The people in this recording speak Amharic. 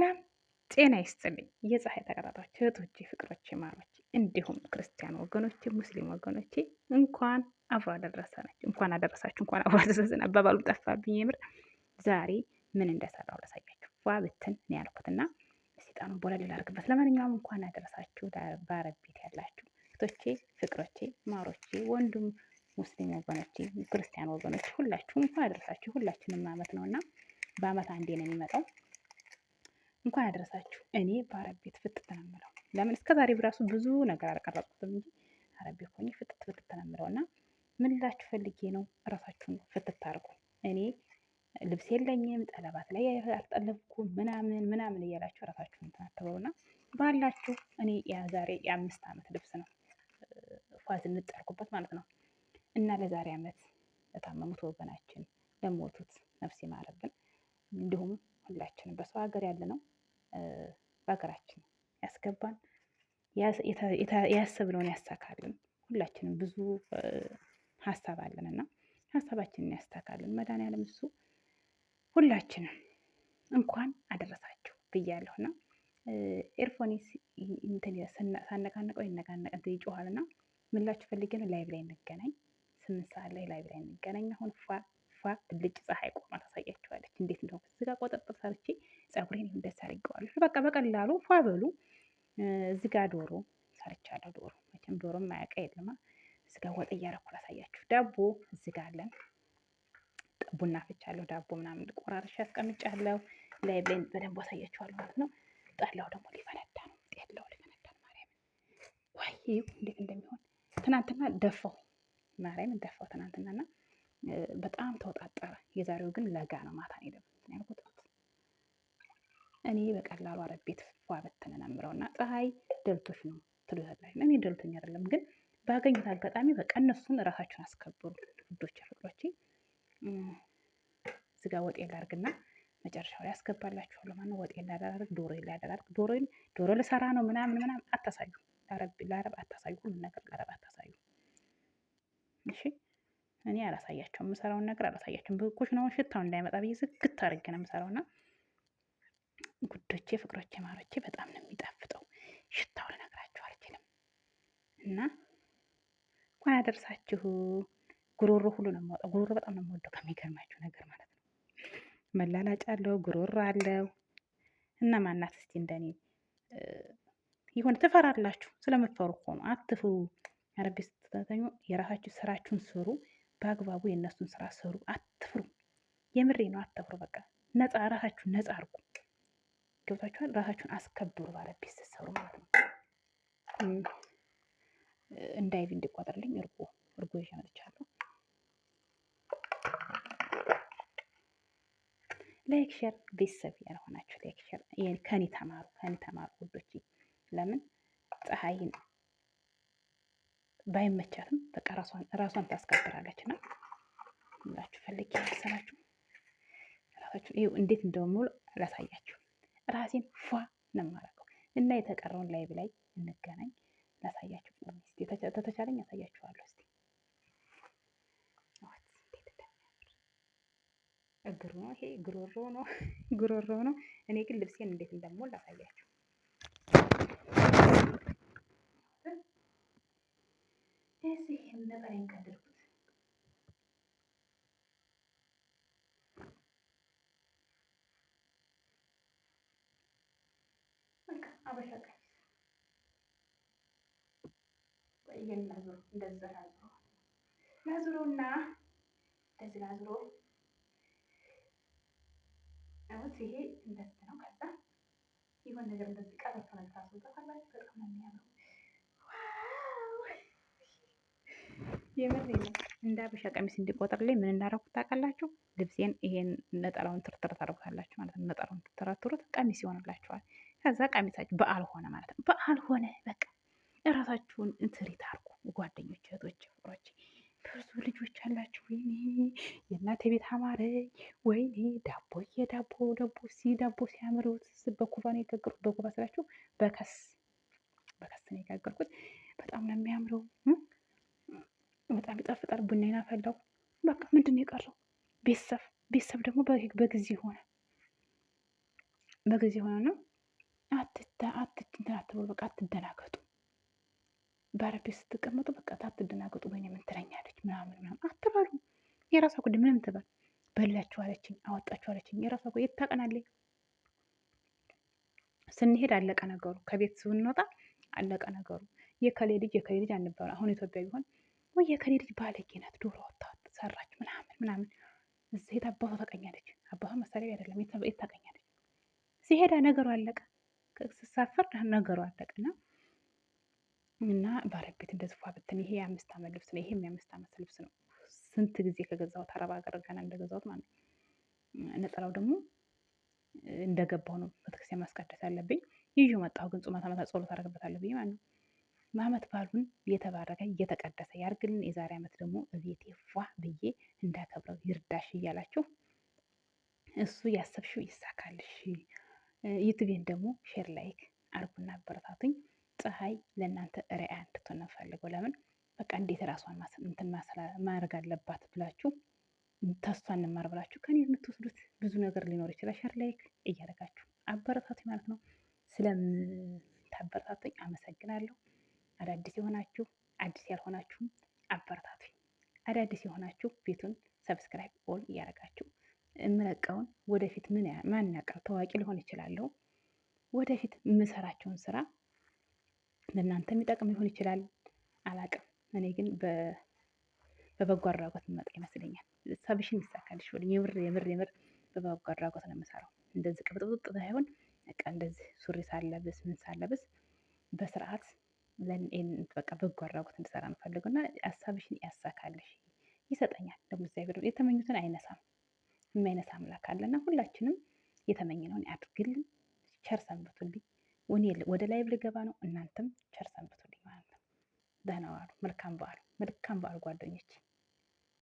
ሰላም ጤና ይስጥልኝ የፀሐይ ተከታታዮች እህቶቼ፣ ፍቅሮች፣ ማሮች እንዲሁም ክርስቲያን ወገኖቼ፣ ሙስሊም ወገኖቼ እንኳን አብሮ አደረሰናችሁ፣ እንኳን አደረሳችሁ፣ እንኳን አብሮ አደረሰን። አባባሉም ጠፋብኝ። የምር ዛሬ ምን እንደሰራው ላሳያችሁ። ዋ ብትን ነው ያልኩት ያልኩትና ሰይጣኑ ቦለል ላርግበት። ለማንኛውም እንኳን አደረሳችሁ በአረብ ቤት ያላችሁ እህቶቼ፣ ፍቅሮቼ፣ ማሮቼ ወንዱም ሙስሊም ወገኖቼ ክርስቲያን ወገኖች ሁላችሁም እንኳን አደረሳችሁ። ሁላችንም አመት ነው እና በአመት አንዴ ነው የሚመጣው እንኳን ያደረሳችሁ። እኔ በአረብ ቤት ፍጥጥ ተነምረው ለምን እስከ ዛሬ ብራሱ ብዙ ነገር አልቀረጽኩትም እንጂ አረብ ቤት ሆኜ ፍጥጥ ፍጥጥ እና ምን ላችሁ ፈልጌ ነው፣ እራሳችሁን ፍጥጥ አድርጉ። እኔ ልብስ የለኝም ጠለባት ላይ አልጠለብኩም ምናምን ምናምን እያላችሁ እራሳችሁን እንትን አትበሉ እና ባላችሁ እኔ የዛሬ የአምስት ዓመት ልብስ ነው ፏዝ እንጠርኩበት ማለት ነው እና ለዛሬ ዓመት ለታመሙት ወገናችን ለሞቱት ነፍስ ይማረብን እንዲሁም ሁላችንም በሰው ሀገር ያለ ነው በሀገራችን ያስገባን ያሰብነውን ያሳካልን። ሁላችንም ብዙ ሀሳብ አለን እና ሀሳባችንን ያሳካልን መድኃኒዓለም እሱ ሁላችንም እንኳን አደረሳችሁ ብያለሁ እና እንትን ሳነቃነቀው ይነቃነቀ ይጮኋል እና ምላችሁ ፈልጌ ነው። ላይቭ ላይ እንገናኝ፣ ስምንት ሰዓት ላይ ላይቭ ላይ እንገናኝ። አሁን ፏ ፏ ብልጭ ፀሐይ ቆማ ታሳያቸዋለች እንዴት እንደሆነ። እዚህ ጋር ቆጠጥር ሰርቼ ፀጉሬን እንደዚህ አድርጌዋለሁ። በቃ በቀላሉ ፏ በሉ። እዚህ ጋር ዶሮ ሰርቻለሁ። ዶሮ መቼም ዶሮ ማያውቅ የለማ። እዚህ ጋር ወጥ እያረኩ ላሳያችሁ። ዳቦ እዚህ ጋር አለን። ቡና ፍቻለሁ። ዳቦ ምናምን ቆራርሻ አስቀምጫለሁ። ላይ ላይ በደንብ አሳያችኋለሁ ማለት ነው። ጠላው ደግሞ ሊፈነዳ ነው። ጠላው ሊፈነዳ ነው። ማርያም ወይ እንዴት እንደሚሆን ትናንትና ደፋው። ማርያም ደፋው ትናንትና ና በጣም ተወጣጠረ። የዛሬው ግን ለጋ ነው። ማታ ነው የለበስኩት ያልኩት እኔ በቀላሉ አረብ ቤት ፏ በተነ ነው የምለው እና ፀሐይ ደልቶሽ ነው ትሉታላችሁ። እኔ ደልቶኝ አይደለም፣ ግን ባገኙት አጋጣሚ በቃ እነሱን ራሳችሁን አስከብሩ ውዶች ፍቅሮቼ። ስጋ ወጥ ላድርግና መጨረሻው ላይ አስገባላችኋለሁ። ማነው ወጤ ላደራርግ ዶሮ ላደራርግ ዶሮን ዶሮ ልሰራ ነው ምናምን ምናምን አታሳዩ። ለአረብ አታሳዩ፣ ሁሉ ነገር ለአረብ አታሳዩ። እሺ እኔ አላሳያቸው የምሰራውን ነገር አላሳያቸውም። ነው ሽታው እንዳይመጣ ብዬ ዝግት አድርጌ ነው የምሰራው እና ጉዶቼ፣ ፍቅሮቼ፣ ማሮቼ በጣም ነው የሚጣፍጠው ሽታው ልነግራችሁ አልችልም። እና እንኳን አደርሳችሁ። ጉሮሮ ሁሉ ነው የማወጣው። ጉሮሮ በጣም ነው የምወደው ከሚገርማችሁ ነገር ማለት ነው። መላላጫ አለው፣ ጉሮሮ አለው እና ማናት እስቲ እንደኔ ይሆን ትፈራላችሁ። ስለምትፈሩ እኮ ነው። አትፍሩ። አረቤ ስትተኙ የራሳችሁ ስራችሁን ስሩ። በአግባቡ የእነሱን ስራ ስሩ። አትፍሩ። የምሬ ነው። አትፍሩ። በቃ ነፃ ራሳችሁን ነፃ አርጉ። ገብታችኋል። ራሳችሁን አስከብሩ። ባለቤት ፒስ ስትሰሩ ማለት ነው። እንዳይቪ እንዲቋጠርልኝ እርጎ እርጎ ይዤ መጥቻለሁ። ላይክ ሸር፣ ቤተሰብ ያልሆናችሁ ላይክ ሸር፣ ከኔ ተማሩ፣ ከኔ ተማሩ ውዶች። ለምን ፀሐይን ባይመቻትም በቃ ራሷን ራሷን ታስከብራለች። እና ምላችሁ ፈልግ መሰላችሁ ራሳችሁ ይኸው እንዴት እንደምውል አላሳያችሁ ራሴን ፏ ነው የማደርገው እና የተቀረውን ላይ ብላይ እንገናኝ። ላሳያችሁ ተተቻለኝ ያሳያችኋለሁ። እስኪ እግሩ ነው ይሄ ጉሮሮ ነው ጉሮሮ ነው። እኔ ግን ልብሴን እንዴት እንደምውል ላሳያችሁ ነጠላ የቀደድኩት አበሻ ቀሚስ የምናዞረው እንደዛ ላዞረው ላዞረውና እንደዚህ ላዞረው ይሄ እንደዚህ ነው። ከዛ ይሆን ነገር እንደዚህ ቀበቶ ታስወጣታላችሁ። የምር ነው። እንደ አበሻ ቀሚስ እንዲቆጥርልኝ ምን እንዳደረኩት ታውቃላችሁ? ልብሴን ይሄን ነጠላውን ትርትር ታደርጉታላችሁ ማለት ነው። ነጠላውን ትረትሩት ቀሚስ ይሆንላችኋል። ከዛ ቀሚሳችሁ በዓል ሆነ ማለት ነው። በዓል ሆነ በቃ እራሳችሁን እንትሪት አርጉ ጓደኞች፣ እህቶች፣ ፍቅሮች ብዙ ልጆች አላችሁ። ወይኔ የእናቴ ቤት አማረኝ፣ ወይኔ ዳቦ የዳቦ ዳቦ ሲ ዳቦ ሲያምር በኩባ ነው የጋገርኩት። በኩባ ስላችሁ በከስ በከስ ነው የጋገርኩት። በጣም ነው የሚያምረው። በጣም ይጣፍጣል። ቡናዬን አፈላው። በቃ ምንድን ነው የቀረው? ቤተሰብ ቤተሰብ ደግሞ በጊዜ ሆነ በጊዜ ሆነ ነው። አትትን አትበሉ፣ በቃ አትደናገጡ። በአረቤ ስትቀመጡ በቃ አትደናገጡ። ወይኔ ምን ትለኛለች ምናምን ምናምን አትበሉ። የራሷ ጉዳይ ምንም ትበል። በላችሁ አለችኝ፣ አወጣችሁ አለችኝ። የራሷ ጉዳይ የት ስንሄድ አለቀ ነገሩ። ከቤት ስንወጣ አለቀ ነገሩ። የከሌ ልጅ የከሌ ልጅ አንባሉ። አሁን ኢትዮጵያ ቢሆን ወይ የከሌ ልጅ ባለጌ ናት፣ ዶሮ ወታ ሰራች ምናምን ምናምን። እዚህ አባቷ ታቀኛለች። አባቷ መሳሪያ አይደለም የት ታቀኛለች። ሲሄድ ሄዳ ነገሩ አለቀ። ስትሳፈር ነገሩ አለቀ እና እና ባረቤት ቤት እንደዚህ ብትን ይሄ የአምስት ዓመት ልብስ ነው፣ ይሄም የአምስት ዓመት ልብስ ነው። ስንት ጊዜ ከገዛሁት አረብ ሀገር ገና እንደገዛሁት ማለት ነው። ነጠላው ደግሞ እንደገባው ነው ቤተክርስቲያን ማስቀደስ አለብኝ። ይዤው መጣሁ ግን ጾማት ዓመታት ጸሎት አደረግበታለሁ ብዬ ማለት ነው። ዓመት ባሉን እየተባረከ እየተቀደሰ ያርግልን። የዛሬ አመት ደግሞ እቤቴ ፏ ብዬ እንዳከብረው ይርዳሽ እያላችሁ እሱ ያሰብሽው ይሳካልሽ። ዩቱቤን ደግሞ ሼር ላይክ አርጉና አበረታቱኝ። ፀሐይ ለእናንተ ርያ እንድትሆን ፈልገው ለምን በቃ እንዴት ራሷን እንትን ማድረግ አለባት ብላችሁ ተስፋ እንማር ብላችሁ ከኔ የምትወስዱት ብዙ ነገር ሊኖር ይችላል። ሸር ላይክ እያደረጋችሁ አበረታቱኝ ማለት ነው። ስለምታበረታቱኝ አመሰግናለሁ። አዳዲስ የሆናችሁ አዲስ ያልሆናችሁም አበረታቱኝ። አዳዲስ የሆናችሁ ቤቱን ሰብስክራይብ ኦል እያደረጋችሁ የምለቀውን ወደፊት ምን ማን ያውቃል ታዋቂ ሊሆን ይችላለሁ። ወደፊት የምሰራቸውን ስራ ለእናንተ የሚጠቅም ሊሆን ይችላል፣ አላቅም። እኔ ግን በበጎ አድራጎት የምመጣ ይመስለኛል። ሰብሽን ይሳካልሽ። ወደ የምር የምር የምር በበጎ አድራጎት ነው የምሰራው። እንደዚህ ቅብጥብጥ ሳይሆን በቃ እንደዚህ ሱሪ ሳለብስ ምን ሳለብስ በቃ በጎ አድራጎት እንድሰራ ነው የምፈልገው እና ሀሳብሽን ያሳካልሽ ይሰጠኛል። ደግሞ እግዚአብሔር የተመኙትን አይነሳም፣ የማይነሳ አምላክ አለ አለና ሁላችንም የተመኘነውን ያድርግልን። ቸር ሰንብቱልኝ። ወደ ላይ ልገባ ነው። እናንተም ቸር ሰንብቱልኝ ማለት ነው። ደህና ዋሉ። መልካም በዓል፣ መልካም በዓል ጓደኞች።